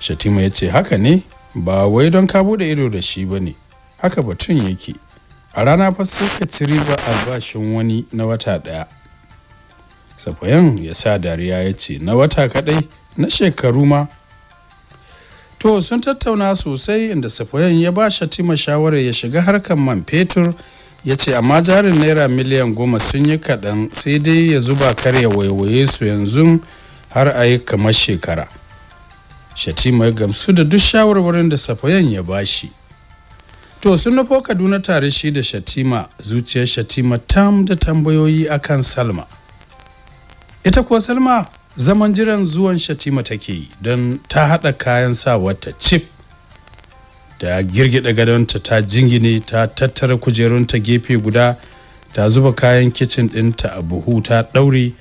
shatima ya ce haka ne ba wai don ka bude ido da shi ba ne haka batun yake a rana fa sai ka ci riba albashin wani na wata daya safayan ya sa dariya ya ce na wata kadai na shekaru ma to sun tattauna sosai inda safayan ya ba shatima shawarar ya shiga harkar man fetur ya ce amma jarin naira miliyan goma sun yi kaɗan sai dai ya zuba kar ya waiwaye su yanzu har a yi kamar shekara shatima ya gamsu da duk shawarwarin da safayan ya bashi to sun nufo kaduna tare shi da shatima zuciyar shatima tam da tambayoyi akan salma ita kuwa salma zaman jiran zuwan shatima take yi don ta haɗa kayan sa wata cif ta girgida gadonta ta jingine ta tattara kujerunta gefe guda ta zuba kayan kicin ɗinta a buhu ta ɗaure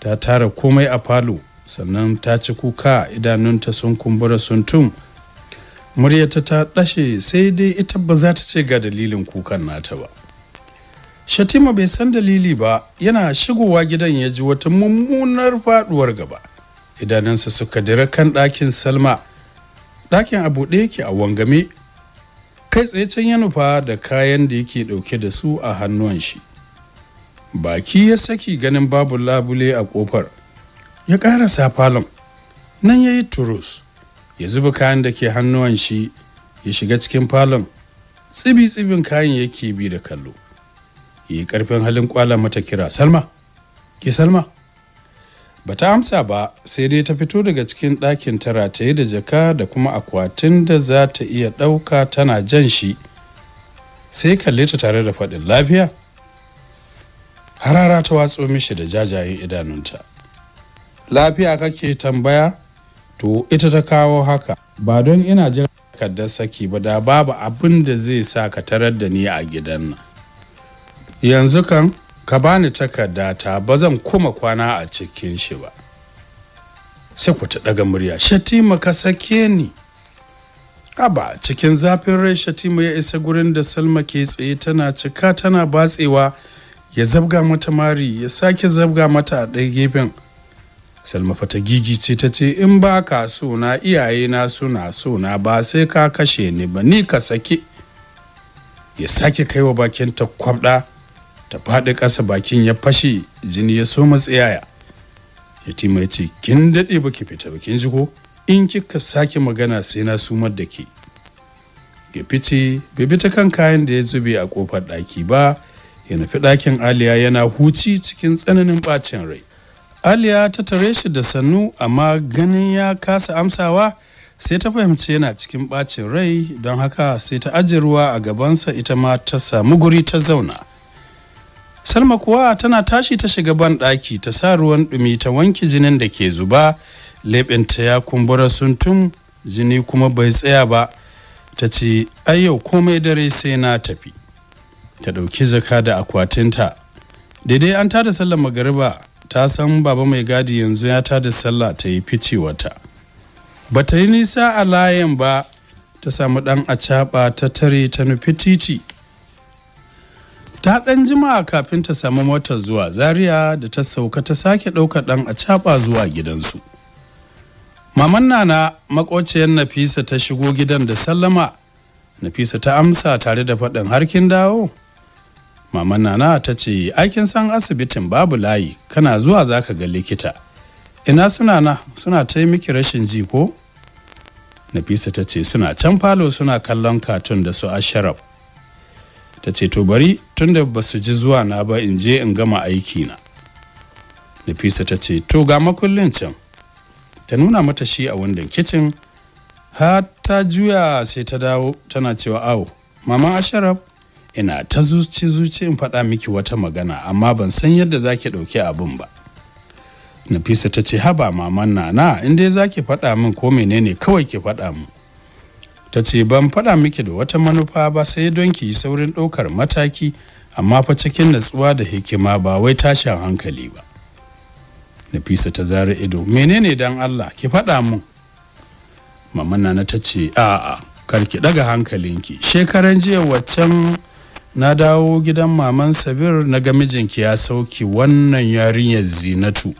ta tara komai a falo sannan ta ci kuka idanunta sun kumbura sun tun muryata ta ɗashe sai dai ita ba za ta ce ga dalilin kukan nata ba shatima bai san dalili ba yana shigowa gidan ya ji wata mummunar faɗuwar gaba idanunsa suka dira kan ɗakin salma ɗakin abu ɗaya yake a wangame kai tsaye can ya nufa da kayan da yake ɗauke da su a hannuwan shi baki ya saki ganin babu labule a ƙofar ya ƙarasa falon nan ya yi turus ya zuba kayan da ke hannuwan shi ya shiga cikin falon tsibi-tsibin kayan yake bi da kallo ya yi ƙarfin halin kwala mata kira salma ke salma ba ta amsa ba sai dai ta fito daga cikin ɗakin tara ta yi da jaka da kuma akwatin da za ta iya ɗauka tana jan shi sai kalle ta tare da faɗin lafiya harara ta watso mishi da jajayen idanunta lafiya kake tambaya to ita ta kawo haka ba don ina jira kadda saki ba da babu abin da zai sa ka tarar da ni a gidan nan yanzu kan ka bani takarda ta. ba zan kuma kwana a cikin shi ba sai ku ta daga murya shatima ka sake ni Aba cikin zafin rai Shatima ya isa gurin da Salma ke tsaye tana cika tana batsewa ya zabga mata mari ya sake zabga mata a ɗaya gefen salma fatagigi ce ta ce in ba ka so na iyaye na suna so na ba sai ka kashe ni ba ni ka sake ya sake kaiwa bakin ta kwabda ta faɗi ƙasa bakin ya fashe jini ya so matsayaya yatima ya ce kin daɗe ba ki fita ba kin ji ko in kika sake magana sai na sumar da ke ya fice bai bi ta kan kayan da ya zube a kofar ɗaki ba ya nufi ɗakin aliya yana huci cikin tsananin ɓacin rai aliya ta tare shi da sannu amma ganin ya kasa amsawa sai ta fahimci yana cikin bacin rai don haka sai ta ajiye ruwa a gabansa ita ma ta samu guri ta zauna salma kuwa tana tashi ta shiga ban ɗaki ta sa ruwan ɗumi ta wanke jinin da ke zuba leɓinta ya kumbura suntum jini kuma bai tsaya ba ta ce yau komai dare sai na tafi ta ɗauki zaka da akwatinta daidai an tada sallar magariba ta san baba mai gadi yanzu ya tada sallah ta yi ficewata ba ta yi nisa a layin ba ta samu ɗan acaɓa ta tare ta nufi titi ta ɗan jima kafin ta samu motar zuwa zaria da ta sauka ta sake ɗaukar ɗan acaɓa zuwa gidansu maman nana makociyar nafisa ta shigo gidan da sallama nafisa ta amsa tare da faɗin harkin dawo maman nana ta ce aikin san asibitin babu layi kana zuwa zaka ga likita ina suna na suna ta yi miki rashin ji ko nafisa ta ce suna can falo suna kallon katun da su asharaf ta ce to bari tunda ba su ji zuwa na ba in je in gama aiki na nafisa ta ce to ga makullin can ta nuna mata shi a wandon kicin har ta juya sai ta dawo tana cewa awo maman asharaf ina ta zuci zuci in faɗa miki wata magana amma ban san yadda zaki ki ɗauki abin ba nafisa ta ce haba maman nana in dai zaki faɗa min ko menene kawai ki faɗa min ta ce ban faɗa miki da wata manufa ba sai don ki yi saurin ɗaukar mataki amma fa cikin natsuwa da hikima ba wai tashin hankali ba nafisa ta zara ido menene dan allah ki faɗa min maman nana ta ce a'a kar ki ɗaga hankalinki shekaran jiya waccan na dawo gidan maman sabir na ga mijinki ya sauki wannan yarinyar zinatu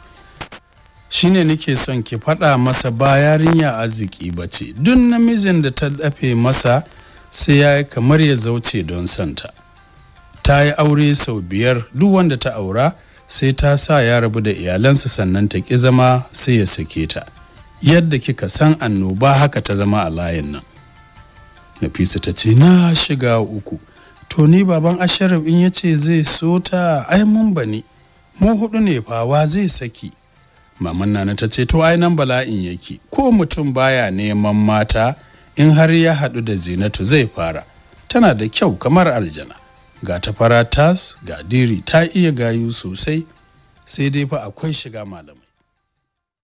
shine nike son ki faɗa masa ba yarinya arziki ba ce duk namijin da ta dafe masa sai ya yi kamar ya zauce don santa ta yi aure sau biyar duk wanda ta aura sai ta sa ya rabu da iyalansa sannan ta ki zama sai ya sake ta yadda kika san annoba haka ta zama a layin nan nafisa ta ce na shiga uku to ni baban asharif in ya ce zai so ta ai mun ba bani mu hudu ne fawa zai saki maman nana ta ce to ai nan bala'in yake ko mutum baya neman mata in har ya haɗu da zinatu zai fara tana da kyau kamar aljana ga ta fara tas ga diri ta iya gayu sosai sai dai fa akwai shiga malamai